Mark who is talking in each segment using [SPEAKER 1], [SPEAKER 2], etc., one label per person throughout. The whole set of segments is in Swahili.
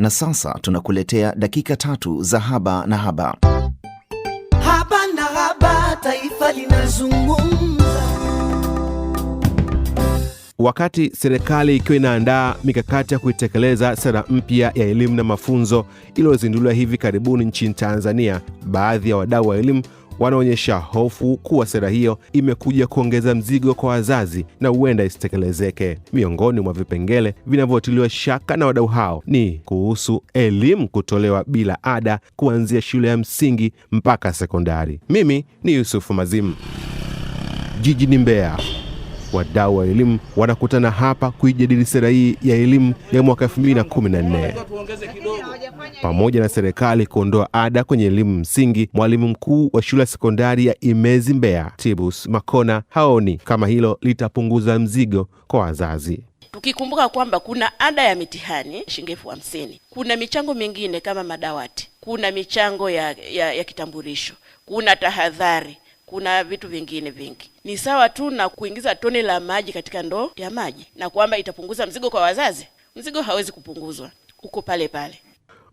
[SPEAKER 1] Na sasa tunakuletea dakika tatu za haba na haba. Haba na haba, taifa linazungumza. Wakati serikali ikiwa inaandaa mikakati ya kuitekeleza sera mpya ya elimu na mafunzo iliyozinduliwa hivi karibuni nchini Tanzania, baadhi ya wadau wa elimu wanaonyesha hofu kuwa sera hiyo imekuja kuongeza mzigo kwa wazazi na huenda isitekelezeke. Miongoni mwa vipengele vinavyotiliwa shaka na wadau hao ni kuhusu elimu kutolewa bila ada kuanzia shule ya msingi mpaka sekondari. Mimi ni Yusufu Mazimu, jijini Mbeya. Wadau wa elimu wanakutana hapa kuijadili sera hii ya elimu ya mwaka 214 pamoja na serikali kuondoa ada kwenye elimu msingi. Mwalimu mkuu wa shule ya sekondari ya Imezi Mbeya, Tibus Makona, haoni kama hilo litapunguza mzigo kwa wazazi
[SPEAKER 2] tukikumbuka kwamba kuna ada ya mitihani shilingi elfu hamsini. Kuna michango mingine kama madawati, kuna michango ya, ya, ya kitambulisho, kuna tahadhari, kuna vitu vingine vingi. Ni sawa tu na kuingiza tone la maji katika ndoo ya maji, na kwamba itapunguza mzigo kwa wazazi. Mzigo hawezi kupunguzwa, uko pale pale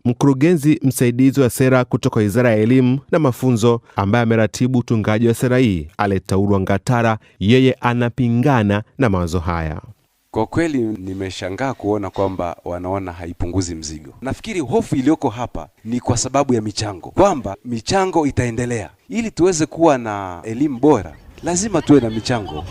[SPEAKER 1] mkurugenzi msaidizi wa sera kutoka Wizara ya Elimu na Mafunzo, ambaye ameratibu utungaji wa sera hii, Aletaurwa Ngatara, yeye anapingana na mawazo haya.
[SPEAKER 3] Kwa kweli nimeshangaa kuona kwamba wanaona haipunguzi mzigo. Nafikiri hofu iliyoko hapa ni kwa sababu ya michango, kwamba michango itaendelea. Ili tuweze kuwa na elimu bora, lazima tuwe na michango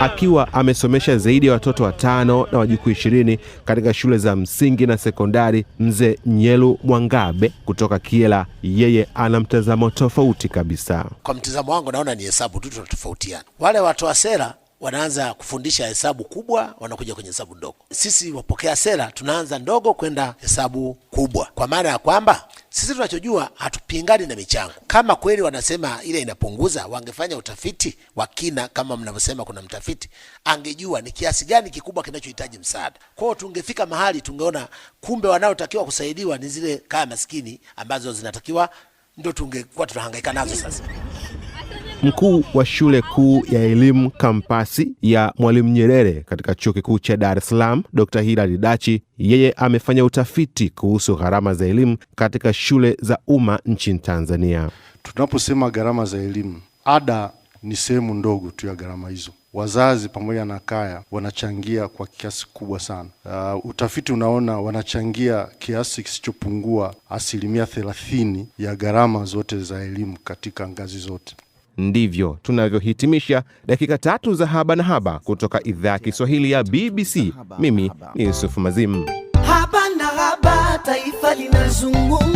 [SPEAKER 1] akiwa amesomesha zaidi ya watoto watano na wajukuu ishirini katika shule za msingi na sekondari. Mzee Nyelu Mwangabe kutoka Kiela, yeye ana mtazamo tofauti kabisa.
[SPEAKER 4] Kwa mtazamo wangu, naona ni hesabu tu tunatofautiana. Wale watoa sera wanaanza kufundisha hesabu kubwa, wanakuja kwenye hesabu ndogo. Sisi wapokea sera tunaanza ndogo kwenda hesabu kubwa, kwa maana ya kwamba sisi tunachojua hatupingani na michango. Kama kweli wanasema ile inapunguza, wangefanya utafiti wa kina, kama mnavyosema kuna mtafiti, angejua ni kiasi gani kikubwa kinachohitaji msaada. Kwao tungefika mahali tungeona kumbe wanaotakiwa kusaidiwa ni zile kaya maskini ambazo zinatakiwa, ndio tungekuwa tunahangaika nazo sasa
[SPEAKER 1] mkuu wa shule kuu ya elimu kampasi ya Mwalimu Nyerere katika chuo kikuu cha Dar es Salaam, Dr. Hilary Dachi, yeye amefanya utafiti kuhusu gharama za elimu katika shule za umma nchini Tanzania.
[SPEAKER 5] Tunaposema gharama za elimu, ada ni sehemu ndogo tu ya gharama hizo. Wazazi pamoja na kaya wanachangia kwa kiasi kubwa sana. Uh, utafiti unaona wanachangia kiasi kisichopungua asilimia thelathini ya gharama zote za elimu katika ngazi zote.
[SPEAKER 1] Ndivyo tunavyohitimisha dakika tatu za Haba na Haba kutoka idhaa ya Kiswahili ya BBC. Mimi ni yusufu mazimu Haba na Haba, taifa linazungumza.